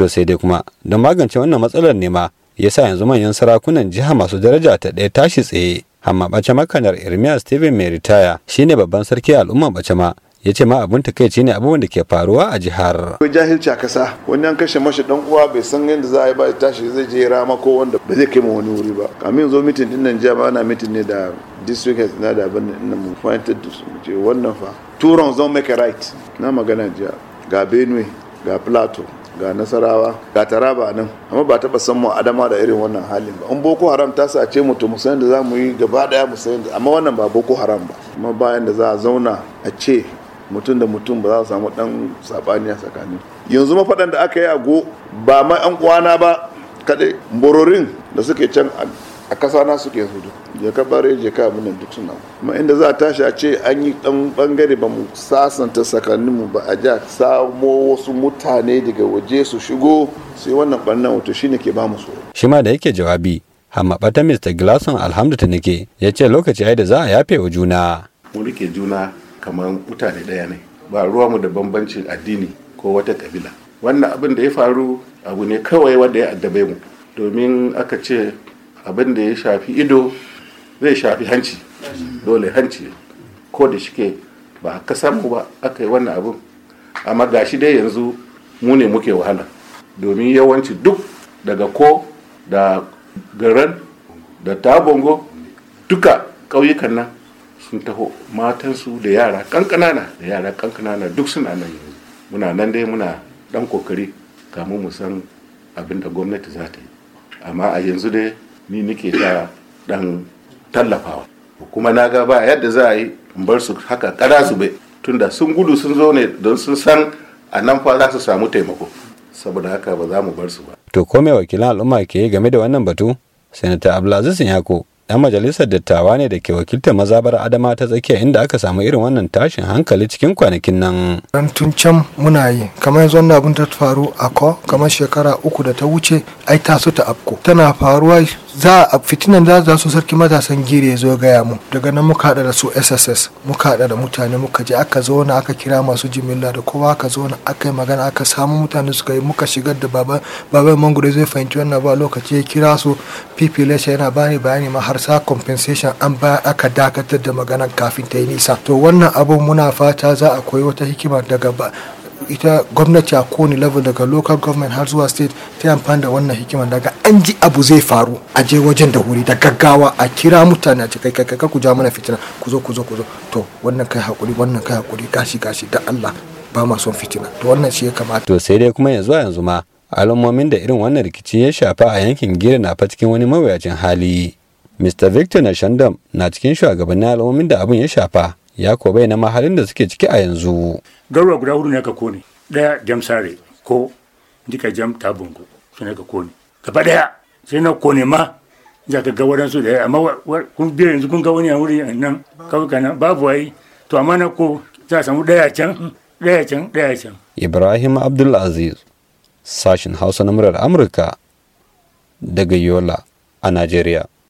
to sai dai kuma don magance wannan matsalar ne ma sa yanzu manyan sarakunan jiha masu daraja ta ɗaya tashi tsaye amma bace makanar irmiya steven mai ritaya shine babban sarki al'ummar bace ma ya ce ma abun takaici ne abubuwan da ke faruwa a jihar. jahilci a kasa wani an kashe mashi dan uwa bai san yadda za a yi ba ya tashi zai je rama ko wanda ba zai kai ma wani wuri ba. Kamin zo mitin din nan jiya ba ana mitin ne da district head na da abin nan mu fahimtar da su ce wannan fa. turon wrongs make right na magana jiya ga Benue ga Plateau ga nasarawa ga taraba nan amma ba taba san mu adama da irin wannan halin ba in boko haram ta sace mu to mu san da za mu yi gaba daya mu san amma wannan ba boko haram ba amma bayan da za a zauna a ce mutum da mutum ba za su samu dan sabani a tsakani yanzu mafadan da aka yi a go ba ma yan uwana ba kadai mbororin da suke can a ƙasa na suke su duk jaka bare jaka abin duk suna kuma inda za a tashi a ce an yi ɗan bangare ba mu sasanta tsakanin mu ba a ja samo wasu mutane daga waje su shigo sai wannan bannan wato shine ke ba mu so. shi ma da yake jawabi amma ɓata mr glasson alhamdulta nake ya ce lokaci ai da za a yafe wa juna. mu rike juna kamar mutane ɗaya ne ba ruwa mu da bambancin addini ko wata kabila wannan abin da ya faru abu ne kawai wanda ya addabe mu domin aka ce abin da ya shafi ido zai shafi hanci dole hanci ko da shike ba ka samu ba aka yi wannan abin amma gashi dai yanzu mu ne muke wahala domin yawanci duk daga ko da garan da tabongo duka ƙauyukan nan sun taho matansu da yara kankanana da yara kankanana duk suna nan yanzu muna nan dai muna dan kokari kamun mu san abin da gwamnati za ta yi amma a yanzu dai ni nake ta dan tallafawa kuma na ga ba yadda za a yi in bar su haka kada su bai tunda sun gudu sun zo ne don sun san a nan fa za su samu taimako saboda haka ba za mu bar su ba to ko mai wakilan al'umma ke yi game da wannan batu sanata abdulaziz yako dan majalisar dattawa ne da ke wakiltar mazabar adama ta tsakiya inda aka samu irin wannan tashin hankali cikin kwanakin nan tun can muna yi kamar yanzu wannan abin ta faru a ko kamar shekara uku da ta wuce ai ta su ta tana faruwa za a fitinan da za su sarki matasan gire ya zo gaya mu daga nan muka hada da su sss muka haɗa da mutane muka je aka zauna aka kira masu jimilla da kowa aka zauna aka yi magana aka samu mutane suka yi muka shigar da baban baban zai fahimci wannan ba lokaci ya kira su pipilesha yana bani bayani ma har sa compensation an baya aka dakatar da maganan kafin ta yi nisa to wannan abun muna fata za a koyi wata hikima daga ita gwamnati a kowane level daga local government har zuwa state ta amfani da wannan hikimar daga an ji abu zai faru a je wajen da wuri da gaggawa a kira mutane a ce kai kai ku ja mana fitina ku zo ku zo ku zo to wannan kai hakuri wannan kai hakuri gashi gashi da Allah ba ma son fitina to wannan shi ya kamata to sai dai kuma yanzu yanzu ma al'ummomin da irin wannan rikici ya shafa a yankin gira na fa cikin wani mawuyacin hali Mr. Victor Nashandam na cikin shugabannin al'ummomin da abin ya shafa ya ko bai na mahalin da suke ciki a yanzu garuwa guda hudu ne ka kone ɗaya jam sare ko dika jam tabungo su ne ka kone gaba ɗaya sai na kone ma za ka ga waɗansu da amma kun biya yanzu kun ga wani a wuri nan kawuka nan babu wai to amma na ko za a samu ɗaya can ɗaya can ɗaya can ibrahim abdulaziz sashin hausa na murar amurka daga yola a najeriya